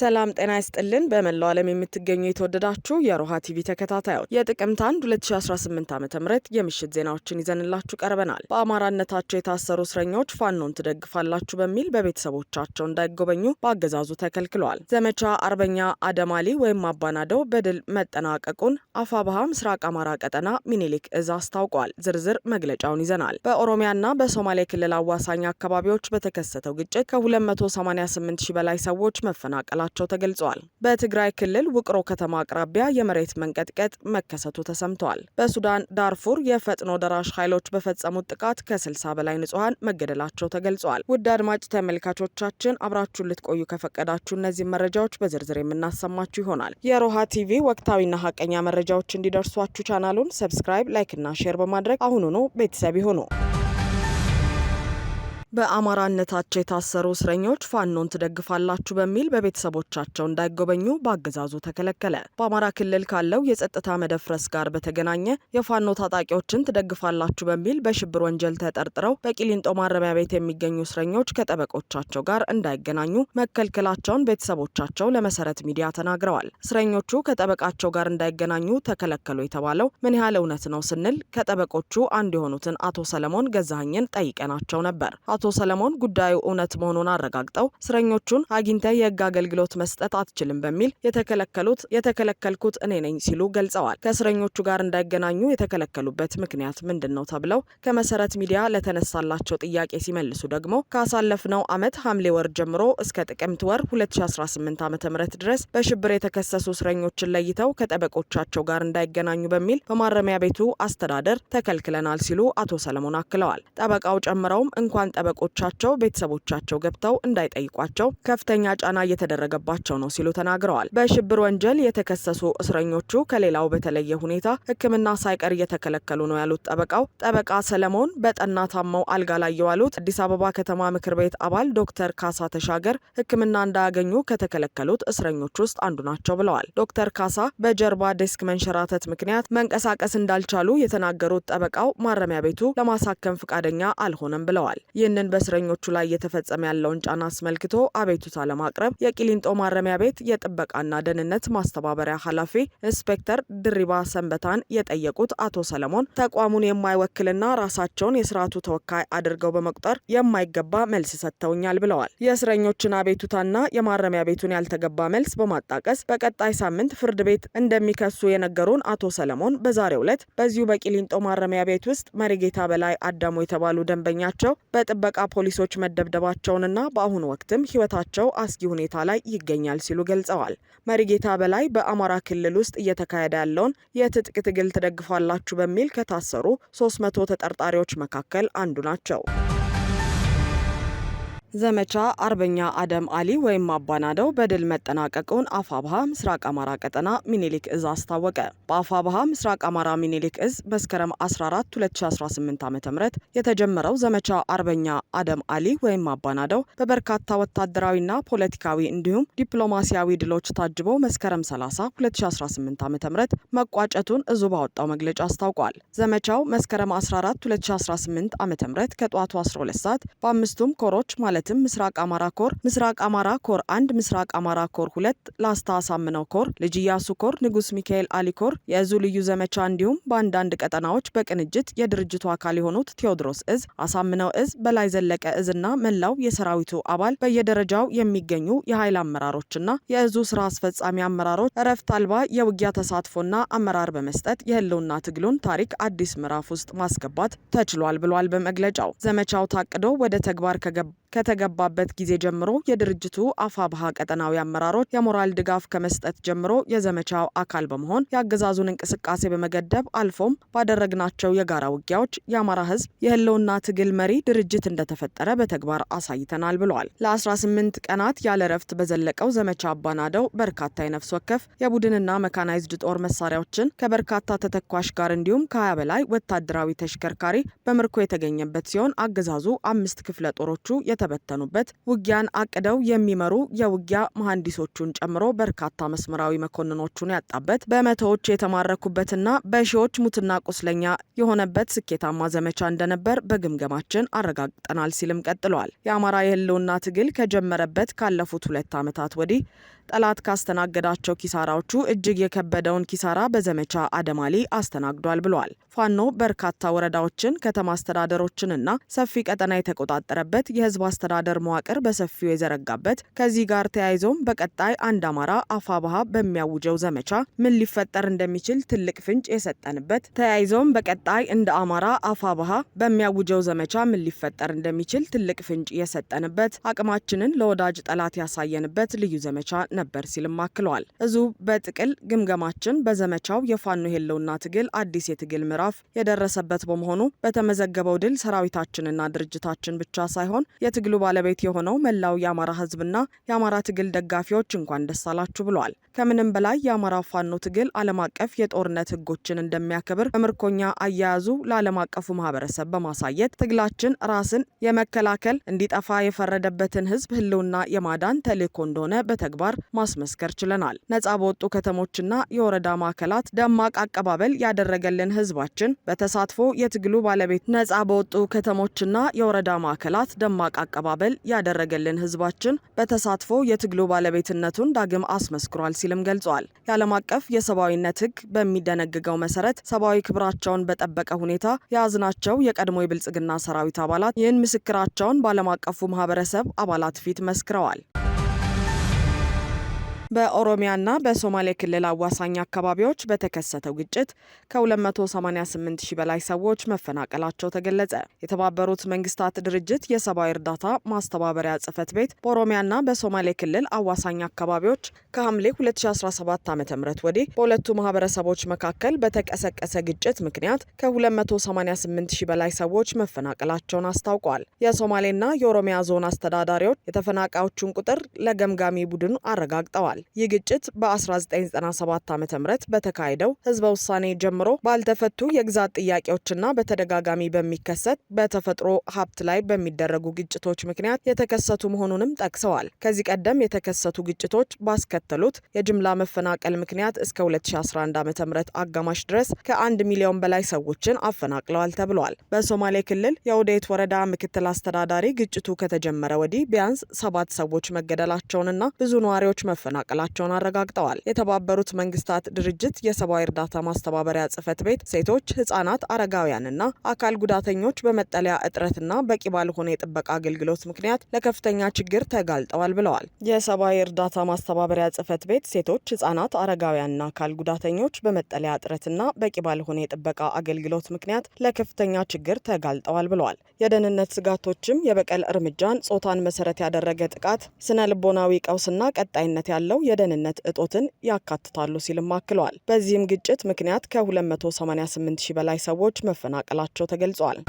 ሰላም ጤና ይስጥልን። በመላው ዓለም የምትገኙ የተወደዳችሁ የሮሃ ቲቪ ተከታታዮች የጥቅምት 1 2018 ዓ ም የምሽት ዜናዎችን ይዘንላችሁ ቀርበናል። በአማራነታቸው የታሰሩ እስረኞች ፋኖን ትደግፋላችሁ በሚል በቤተሰቦቻቸው እንዳይጎበኙ በአገዛዙ ተከልክሏል። ዘመቻ አርበኛ አደማሊ ወይም አባናደው በድል መጠናቀቁን አፋብሃ ምስራቅ አማራ ቀጠና ሚኒሊክ እዝ አስታውቋል። ዝርዝር መግለጫውን ይዘናል። በኦሮሚያና በሶማሌ ክልል አዋሳኝ አካባቢዎች በተከሰተው ግጭት ከ288 በላይ ሰዎች መፈናቀላቸው መሆናቸው ተገልጿል። በትግራይ ክልል ውቅሮ ከተማ አቅራቢያ የመሬት መንቀጥቀጥ መከሰቱ ተሰምተዋል። በሱዳን ዳርፉር የፈጥኖ ደራሽ ኃይሎች በፈጸሙት ጥቃት ከ60 በላይ ንጹሐን መገደላቸው ተገልጿል። ውድ አድማጭ ተመልካቾቻችን አብራችሁን ልትቆዩ ከፈቀዳችሁ እነዚህ መረጃዎች በዝርዝር የምናሰማችሁ ይሆናል። የሮሃ ቲቪ ወቅታዊና ሀቀኛ መረጃዎች እንዲደርሷችሁ ቻናሉን ሰብስክራይብ፣ ላይክና ሼር በማድረግ አሁኑኑ ቤተሰብ ይሁኑ። በአማራነታቸው የታሰሩ እስረኞች ፋኖን ትደግፋላችሁ በሚል በቤተሰቦቻቸው እንዳይጎበኙ በአገዛዙ ተከለከለ። በአማራ ክልል ካለው የጸጥታ መደፍረስ ጋር በተገናኘ የፋኖ ታጣቂዎችን ትደግፋላችሁ በሚል በሽብር ወንጀል ተጠርጥረው በቂሊንጦ ማረሚያ ቤት የሚገኙ እስረኞች ከጠበቆቻቸው ጋር እንዳይገናኙ መከልከላቸውን ቤተሰቦቻቸው ለመሰረት ሚዲያ ተናግረዋል። እስረኞቹ ከጠበቃቸው ጋር እንዳይገናኙ ተከለከሉ የተባለው ምን ያህል እውነት ነው ስንል ከጠበቆቹ አንዱ የሆኑትን አቶ ሰለሞን ገዛኸኝን ጠይቀናቸው ነበር። አቶ ሰለሞን ጉዳዩ እውነት መሆኑን አረጋግጠው እስረኞቹን አግኝተ የህግ አገልግሎት መስጠት አትችልም በሚል የተከለከሉት የተከለከልኩት እኔ ነኝ ሲሉ ገልጸዋል። ከእስረኞቹ ጋር እንዳይገናኙ የተከለከሉበት ምክንያት ምንድን ነው ተብለው ከመሰረት ሚዲያ ለተነሳላቸው ጥያቄ ሲመልሱ ደግሞ ካሳለፍነው ዓመት ሐምሌ ወር ጀምሮ እስከ ጥቅምት ወር 2018 ዓ ም ድረስ በሽብር የተከሰሱ እስረኞችን ለይተው ከጠበቆቻቸው ጋር እንዳይገናኙ በሚል በማረሚያ ቤቱ አስተዳደር ተከልክለናል ሲሉ አቶ ሰለሞን አክለዋል። ጠበቃው ጨምረውም እንኳን ጠበ አለቆቻቸው ቤተሰቦቻቸው ገብተው እንዳይጠይቋቸው ከፍተኛ ጫና እየተደረገባቸው ነው ሲሉ ተናግረዋል። በሽብር ወንጀል የተከሰሱ እስረኞቹ ከሌላው በተለየ ሁኔታ ሕክምና ሳይቀር እየተከለከሉ ነው ያሉት ጠበቃው ጠበቃ ሰለሞን በጠና ታመው አልጋ ላይ የዋሉት አዲስ አበባ ከተማ ምክር ቤት አባል ዶክተር ካሳ ተሻገር ሕክምና እንዳያገኙ ከተከለከሉት እስረኞች ውስጥ አንዱ ናቸው ብለዋል። ዶክተር ካሳ በጀርባ ዴስክ መንሸራተት ምክንያት መንቀሳቀስ እንዳልቻሉ የተናገሩት ጠበቃው ማረሚያ ቤቱ ለማሳከም ፈቃደኛ አልሆነም ብለዋል። ይህን ይህንን በእስረኞቹ ላይ እየተፈጸመ ያለውን ጫና አስመልክቶ አቤቱታ ለማቅረብ የቂሊንጦ ማረሚያ ቤት የጥበቃና ደህንነት ማስተባበሪያ ኃላፊ ኢንስፔክተር ድሪባ ሰንበታን የጠየቁት አቶ ሰለሞን ተቋሙን የማይወክልና ራሳቸውን የስርዓቱ ተወካይ አድርገው በመቁጠር የማይገባ መልስ ሰጥተውኛል ብለዋል። የእስረኞችን አቤቱታና የማረሚያ ቤቱን ያልተገባ መልስ በማጣቀስ በቀጣይ ሳምንት ፍርድ ቤት እንደሚከሱ የነገሩን አቶ ሰለሞን በዛሬው ዕለት በዚሁ በቂሊንጦ ማረሚያ ቤት ውስጥ መሪጌታ በላይ አዳሙ የተባሉ ደንበኛቸው በጥበ ጥበቃ ፖሊሶች መደብደባቸውንና በአሁኑ ወቅትም ሕይወታቸው አስጊ ሁኔታ ላይ ይገኛል ሲሉ ገልጸዋል። መሪጌታ በላይ በአማራ ክልል ውስጥ እየተካሄደ ያለውን የትጥቅ ትግል ትደግፋላችሁ በሚል ከታሰሩ 300 ተጠርጣሪዎች መካከል አንዱ ናቸው። ዘመቻ አርበኛ አደም አሊ ወይም አባናደው በድል መጠናቀቁን አፋብሃ ምስራቅ አማራ ቀጠና ሚኒሊክ እዝ አስታወቀ። በአፋብሃ ምስራቅ አማራ ሚኒሊክ እዝ መስከረም 14 2018 ዓ ም የተጀመረው ዘመቻ አርበኛ አደም አሊ ወይም አባናደው በበርካታ ወታደራዊና ፖለቲካዊ እንዲሁም ዲፕሎማሲያዊ ድሎች ታጅቦ መስከረም 30 2018 ዓ ም መቋጨቱን እዙ ባወጣው መግለጫ አስታውቋል። ዘመቻው መስከረም 14 2018 ዓ ም ከጠዋቱ 12 ሰዓት በአምስቱም ኮሮች ማለት ማለትም ምስራቅ አማራ ኮር፣ ምስራቅ አማራ ኮር አንድ፣ ምስራቅ አማራ ኮር ሁለት፣ ላስታ አሳምነው ኮር፣ ልጅ ኢያሱ ኮር፣ ንጉስ ሚካኤል አሊ ኮር፣ የእዙ ልዩ ዘመቻ እንዲሁም በአንዳንድ ቀጠናዎች በቅንጅት የድርጅቱ አካል የሆኑት ቴዎድሮስ እዝ፣ አሳምነው እዝ፣ በላይ ዘለቀ እዝና መላው የሰራዊቱ አባል በየደረጃው የሚገኙ የኃይል አመራሮችና የእዙ ስራ አስፈጻሚ አመራሮች እረፍት አልባ የውጊያ ተሳትፎና አመራር በመስጠት የህልውና ትግሉን ታሪክ አዲስ ምዕራፍ ውስጥ ማስገባት ተችሏል ብሏል። በመግለጫው ዘመቻው ታቅዶ ወደ ተግባር ከገባ ከተገባበት ጊዜ ጀምሮ የድርጅቱ አፋብሃ ቀጠናዊ አመራሮች የሞራል ድጋፍ ከመስጠት ጀምሮ የዘመቻው አካል በመሆን የአገዛዙን እንቅስቃሴ በመገደብ አልፎም ባደረግናቸው የጋራ ውጊያዎች የአማራ ህዝብ የህልውና ትግል መሪ ድርጅት እንደተፈጠረ በተግባር አሳይተናል ብለዋል። ለ18 ቀናት ያለ ረፍት በዘለቀው ዘመቻ አባናደው በርካታ የነፍስ ወከፍ የቡድንና መካናይዝድ ጦር መሳሪያዎችን ከበርካታ ተተኳሽ ጋር እንዲሁም ከ20 በላይ ወታደራዊ ተሽከርካሪ በምርኮ የተገኘበት ሲሆን አገዛዙ አምስት ክፍለ ጦሮቹ የተበ የተበተኑበት ውጊያን አቅደው የሚመሩ የውጊያ መሐንዲሶቹን ጨምሮ በርካታ መስመራዊ መኮንኖቹን ያጣበት በመቶዎች የተማረኩበትና በሺዎች ሙትና ቁስለኛ የሆነበት ስኬታማ ዘመቻ እንደነበር በግምገማችን አረጋግጠናል ሲልም ቀጥሏል። የአማራ የህልውና ትግል ከጀመረበት ካለፉት ሁለት ዓመታት ወዲህ ጠላት ካስተናገዳቸው ኪሳራዎቹ እጅግ የከበደውን ኪሳራ በዘመቻ አደማሊ አስተናግዷል ብሏል። ፋኖ በርካታ ወረዳዎችን፣ ከተማ አስተዳደሮችንና ሰፊ ቀጠና የተቆጣጠረበት የህዝብ አስተዳደር መዋቅር በሰፊው የዘረጋበት ከዚህ ጋር ተያይዞም በቀጣይ አንድ አማራ አፋባሃ በሚያውጀው ዘመቻ ምን ሊፈጠር እንደሚችል ትልቅ ፍንጭ የሰጠንበት ተያይዞም በቀጣይ እንደ አማራ አፋብሃ በሚያውጀው ዘመቻ ምን ሊፈጠር እንደሚችል ትልቅ ፍንጭ የሰጠንበት አቅማችንን ለወዳጅ ጠላት ያሳየንበት ልዩ ዘመቻ ነበር ሲልም አክለዋል። እዙ በጥቅል ግምገማችን በዘመቻው የፋኖ የህልውና ትግል አዲስ የትግል ምዕራፍ የደረሰበት በመሆኑ በተመዘገበው ድል ሰራዊታችንና ድርጅታችን ብቻ ሳይሆን የትግሉ ባለቤት የሆነው መላው የአማራ ህዝብና የአማራ ትግል ደጋፊዎች እንኳን ደስ አላችሁ ብለዋል። ከምንም በላይ የአማራ ፋኖ ትግል ዓለም አቀፍ የጦርነት ህጎችን እንደሚያከብር በምርኮኛ አያያዙ ለዓለም አቀፉ ማህበረሰብ በማሳየት ትግላችን ራስን የመከላከል እንዲጠፋ የፈረደበትን ህዝብ ህልውና የማዳን ተልእኮ እንደሆነ በተግባር ማስመስከር ችለናል። ነጻ በወጡ ከተሞችና የወረዳ ማዕከላት ደማቅ አቀባበል ያደረገልን ህዝባችን በተሳትፎ የትግሉ ባለቤት ነጻ በወጡ ከተሞችና የወረዳ ማዕከላት ደማቅ አቀባበል ያደረገልን ህዝባችን በተሳትፎ የትግሉ ባለቤትነቱን ዳግም አስመስክሯል ሲልም ገልጿል። የዓለም አቀፍ የሰብአዊነት ህግ በሚደነግገው መሰረት ሰብአዊ ክብራቸውን በጠበቀ ሁኔታ የያዝናቸው የቀድሞ የብልጽግና ሰራዊት አባላት ይህን ምስክራቸውን በዓለም አቀፉ ማህበረሰብ አባላት ፊት መስክረዋል። በኦሮሚያና በሶማሌ ክልል አዋሳኝ አካባቢዎች በተከሰተው ግጭት ከ288 ሺህ በላይ ሰዎች መፈናቀላቸው ተገለጸ። የተባበሩት መንግስታት ድርጅት የሰብአዊ እርዳታ ማስተባበሪያ ጽህፈት ቤት በኦሮሚያና በሶማሌ ክልል አዋሳኝ አካባቢዎች ከሐምሌ 2017 ዓ ም ወዲህ በሁለቱ ማህበረሰቦች መካከል በተቀሰቀሰ ግጭት ምክንያት ከ288 ሺህ በላይ ሰዎች መፈናቀላቸውን አስታውቋል። የሶማሌና የኦሮሚያ ዞን አስተዳዳሪዎች የተፈናቃዮቹን ቁጥር ለገምጋሚ ቡድኑ አረጋግጠዋል። ይህ ግጭት በ1997 ዓ ም በተካሄደው ህዝበ ውሳኔ ጀምሮ ባልተፈቱ የግዛት ጥያቄዎችና በተደጋጋሚ በሚከሰት በተፈጥሮ ሀብት ላይ በሚደረጉ ግጭቶች ምክንያት የተከሰቱ መሆኑንም ጠቅሰዋል። ከዚህ ቀደም የተከሰቱ ግጭቶች ባስከተሉት የጅምላ መፈናቀል ምክንያት እስከ 2011 ዓ ም አጋማሽ ድረስ ከአንድ ሚሊዮን በላይ ሰዎችን አፈናቅለዋል ተብሏል። በሶማሌ ክልል የውዴት ወረዳ ምክትል አስተዳዳሪ ግጭቱ ከተጀመረ ወዲህ ቢያንስ ሰባት ሰዎች መገደላቸውንና ብዙ ነዋሪዎች መፈናቀል መቀላቀላቸውን አረጋግጠዋል። የተባበሩት መንግስታት ድርጅት የሰብአዊ እርዳታ ማስተባበሪያ ጽህፈት ቤት ሴቶች፣ ህጻናት፣ አረጋውያንና አካል ጉዳተኞች በመጠለያ እጥረትና በቂ ባልሆነ የጥበቃ አገልግሎት ምክንያት ለከፍተኛ ችግር ተጋልጠዋል ብለዋል። የሰብአዊ እርዳታ ማስተባበሪያ ጽህፈት ቤት ሴቶች፣ ህጻናት፣ አረጋውያንና አካል ጉዳተኞች በመጠለያ እጥረትና በቂ ባልሆነ የጥበቃ አገልግሎት ምክንያት ለከፍተኛ ችግር ተጋልጠዋል ብለዋል። የደህንነት ስጋቶችም የበቀል እርምጃን፣ ጾታን መሰረት ያደረገ ጥቃት፣ ስነ ልቦናዊ ቀውስና ቀጣይነት ያለው የደህንነት እጦትን ያካትታሉ ሲልም አክለዋል። በዚህም ግጭት ምክንያት ከ288 ሺህ በላይ ሰዎች መፈናቀላቸው ተገልጿል።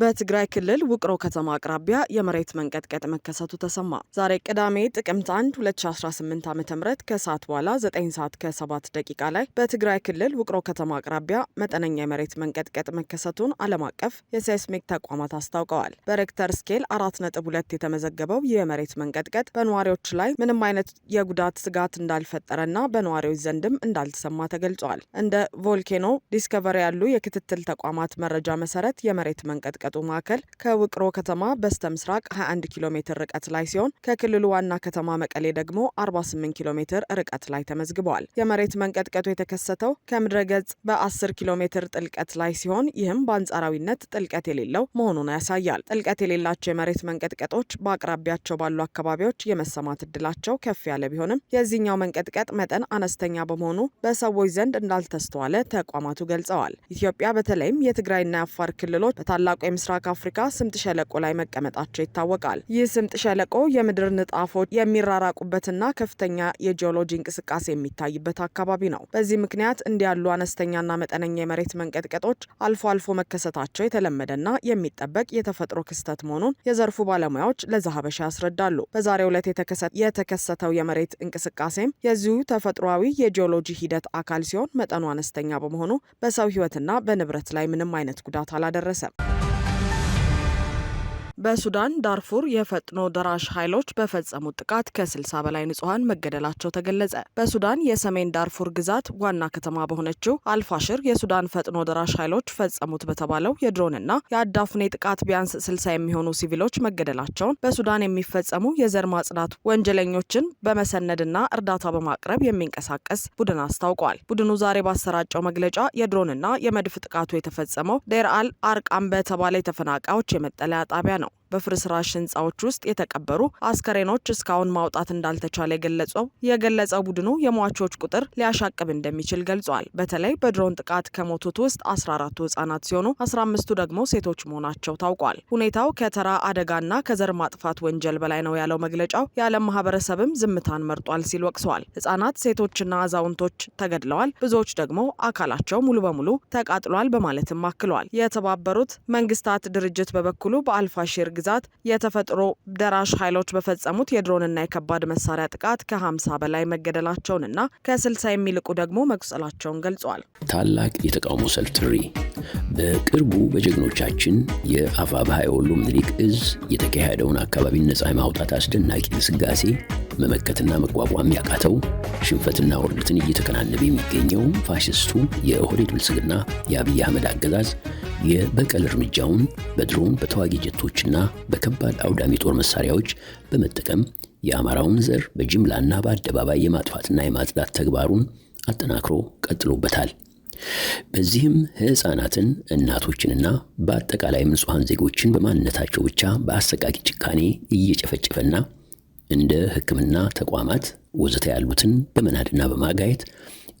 በትግራይ ክልል ውቅሮ ከተማ አቅራቢያ የመሬት መንቀጥቀጥ መከሰቱ ተሰማ። ዛሬ ቅዳሜ ጥቅምት 1 2018 ዓ ም ከሰዓት በኋላ 9 ሰዓት ከ7 ደቂቃ ላይ በትግራይ ክልል ውቅሮ ከተማ አቅራቢያ መጠነኛ የመሬት መንቀጥቀጥ መከሰቱን ዓለም አቀፍ የሴስሚክ ተቋማት አስታውቀዋል። በሬክተር ስኬል 4.2 የተመዘገበው ይህ የመሬት መንቀጥቀጥ በነዋሪዎች ላይ ምንም አይነት የጉዳት ስጋት እንዳልፈጠረና በነዋሪዎች ዘንድም እንዳልተሰማ ተገልጿል። እንደ ቮልኬኖ ዲስከቨሪ ያሉ የክትትል ተቋማት መረጃ መሰረት የመሬት መንቀጥቀጥ የመንቀጥቀጡ ማዕከል ከውቅሮ ከተማ በስተ ምስራቅ 21 ኪሎ ሜትር ርቀት ላይ ሲሆን ከክልሉ ዋና ከተማ መቀሌ ደግሞ 48 ኪሎ ሜትር ርቀት ላይ ተመዝግበዋል። የመሬት መንቀጥቀጡ የተከሰተው ከምድረ ገጽ በ10 ኪሎ ሜትር ጥልቀት ላይ ሲሆን ይህም በአንጻራዊነት ጥልቀት የሌለው መሆኑን ያሳያል። ጥልቀት የሌላቸው የመሬት መንቀጥቀጦች በአቅራቢያቸው ባሉ አካባቢዎች የመሰማት እድላቸው ከፍ ያለ ቢሆንም የዚህኛው መንቀጥቀጥ መጠን አነስተኛ በመሆኑ በሰዎች ዘንድ እንዳልተስተዋለ ተቋማቱ ገልጸዋል። ኢትዮጵያ በተለይም የትግራይና የአፋር ክልሎች በታላቁ በምስራቅ ምስራቅ አፍሪካ ስምጥ ሸለቆ ላይ መቀመጣቸው ይታወቃል። ይህ ስምጥ ሸለቆ የምድር ንጣፎች የሚራራቁበትና ከፍተኛ የጂኦሎጂ እንቅስቃሴ የሚታይበት አካባቢ ነው። በዚህ ምክንያት እንዲያሉ አነስተኛና መጠነኛ የመሬት መንቀጥቀጦች አልፎ አልፎ መከሰታቸው የተለመደና የሚጠበቅ የተፈጥሮ ክስተት መሆኑን የዘርፉ ባለሙያዎች ሀበሻ ያስረዳሉ። በዛሬው ዕለት የተከሰተው የመሬት እንቅስቃሴም የዚሁ ተፈጥሯዊ የጂኦሎጂ ሂደት አካል ሲሆን መጠኑ አነስተኛ በመሆኑ በሰው ሕይወትና በንብረት ላይ ምንም አይነት ጉዳት አላደረሰም። በሱዳን ዳርፉር የፈጥኖ ደራሽ ኃይሎች በፈጸሙት ጥቃት ከ60 በላይ ንጹሐን መገደላቸው ተገለጸ። በሱዳን የሰሜን ዳርፉር ግዛት ዋና ከተማ በሆነችው አልፋሽር የሱዳን ፈጥኖ ደራሽ ኃይሎች ፈጸሙት በተባለው የድሮንና የአዳፍኔ ጥቃት ቢያንስ 60 የሚሆኑ ሲቪሎች መገደላቸውን በሱዳን የሚፈጸሙ የዘር ማጽዳት ወንጀለኞችን በመሰነድና እርዳታ በማቅረብ የሚንቀሳቀስ ቡድን አስታውቋል። ቡድኑ ዛሬ ባሰራጨው መግለጫ የድሮንና የመድፍ ጥቃቱ የተፈጸመው ዴር አል አርቃም በተባለ የተፈናቃዮች የመጠለያ ጣቢያ ነው። not በፍርስራሽ ህንፃዎች ውስጥ የተቀበሩ አስከሬኖች እስካሁን ማውጣት እንዳልተቻለ የገለጸው የገለጸው ቡድኑ የሟቾች ቁጥር ሊያሻቅብ እንደሚችል ገልጿል። በተለይ በድሮን ጥቃት ከሞቱት ውስጥ 14ቱ ህጻናት ሲሆኑ 15ቱ ደግሞ ሴቶች መሆናቸው ታውቋል። ሁኔታው ከተራ አደጋና ከዘር ማጥፋት ወንጀል በላይ ነው ያለው መግለጫው የዓለም ማህበረሰብም ዝምታን መርጧል ሲል ወቅሰዋል። ህጻናት፣ ሴቶችና አዛውንቶች ተገድለዋል፣ ብዙዎች ደግሞ አካላቸው ሙሉ በሙሉ ተቃጥሏል በማለትም አክሏል። የተባበሩት መንግስታት ድርጅት በበኩሉ በአልፋሽር ግዛት የተፈጥሮ ደራሽ ኃይሎች በፈጸሙት የድሮንና የከባድ መሳሪያ ጥቃት ከ50 በላይ መገደላቸውንና ከ60 የሚልቁ ደግሞ መቁሰላቸውን ገልጿል። ታላቅ የተቃውሞ ሰልፍ ጥሪ በቅርቡ በጀግኖቻችን የአፋብኃ የወሎ ምኒልክ እዝ የተካሄደውን አካባቢን ነፃ የማውጣት አስደናቂ ግስጋሴ መመከትና መቋቋም ያቃተው ሽንፈትና ውርደትን እየተከናነበ የሚገኘው ፋሽስቱ የኦህዴድ ብልጽግና የአብይ አህመድ አገዛዝ የበቀል እርምጃውን በድሮን በተዋጊ ጀቶችና በከባድ አውዳሚ ጦር መሳሪያዎች በመጠቀም የአማራውን ዘር በጅምላና በአደባባይ የማጥፋትና የማጽዳት ተግባሩን አጠናክሮ ቀጥሎበታል። በዚህም ሕፃናትን እናቶችንና በአጠቃላይ ንጹሐን ዜጎችን በማንነታቸው ብቻ በአሰቃቂ ጭካኔ እየጨፈጨፈና እንደ ሕክምና ተቋማት ወዘተ ያሉትን በመናድና በማጋየት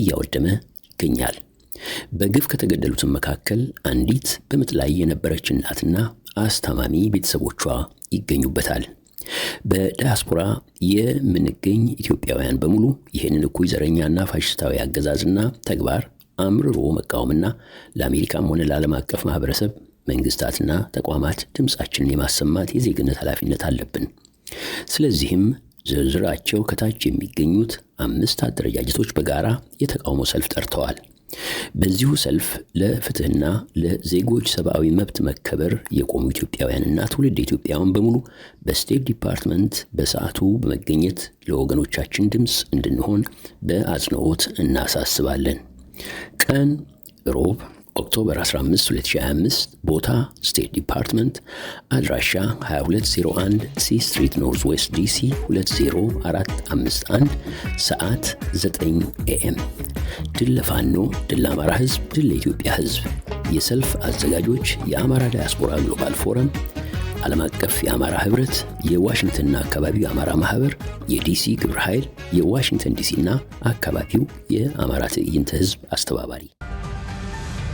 እያወደመ ይገኛል። በግፍ ከተገደሉትን መካከል አንዲት በምጥ ላይ የነበረች እናትና አስታማሚ ቤተሰቦቿ ይገኙበታል። በዳያስፖራ የምንገኝ ኢትዮጵያውያን በሙሉ ይህንን እኩይ ዘረኛና ፋሽስታዊ አገዛዝና ተግባር አምርሮ መቃወምና ለአሜሪካም ሆነ ለዓለም አቀፍ ማህበረሰብ መንግስታትና ተቋማት ድምፃችንን የማሰማት የዜግነት ኃላፊነት አለብን። ስለዚህም ዝርዝራቸው ከታች የሚገኙት አምስት አደረጃጀቶች በጋራ የተቃውሞ ሰልፍ ጠርተዋል። በዚሁ ሰልፍ ለፍትህና ለዜጎች ሰብአዊ መብት መከበር የቆሙ ኢትዮጵያውያንና ትውልድ ኢትዮጵያውያን በሙሉ በስቴት ዲፓርትመንት በሰዓቱ በመገኘት ለወገኖቻችን ድምፅ እንድንሆን በአጽንኦት እናሳስባለን። ቀን ሮብ ኦክቶበር 15 2025 ቦታ ስቴት ዲፓርትመንት አድራሻ 2201 ሲ ስትሪት ኖርዝ ዌስት ዲሲ 20451 ሰዓት 9 ኤኤም ድል ለፋኖ ድል ለአማራ ህዝብ ድል ለኢትዮጵያ ህዝብ የሰልፍ አዘጋጆች የአማራ ዳያስፖራ ግሎባል ፎረም ዓለም አቀፍ የአማራ ህብረት የዋሽንግተንና አካባቢው የአማራ ማህበር የዲሲ ግብረ ኃይል የዋሽንግተን ዲሲና አካባቢው የአማራ ትዕይንተ ህዝብ አስተባባሪ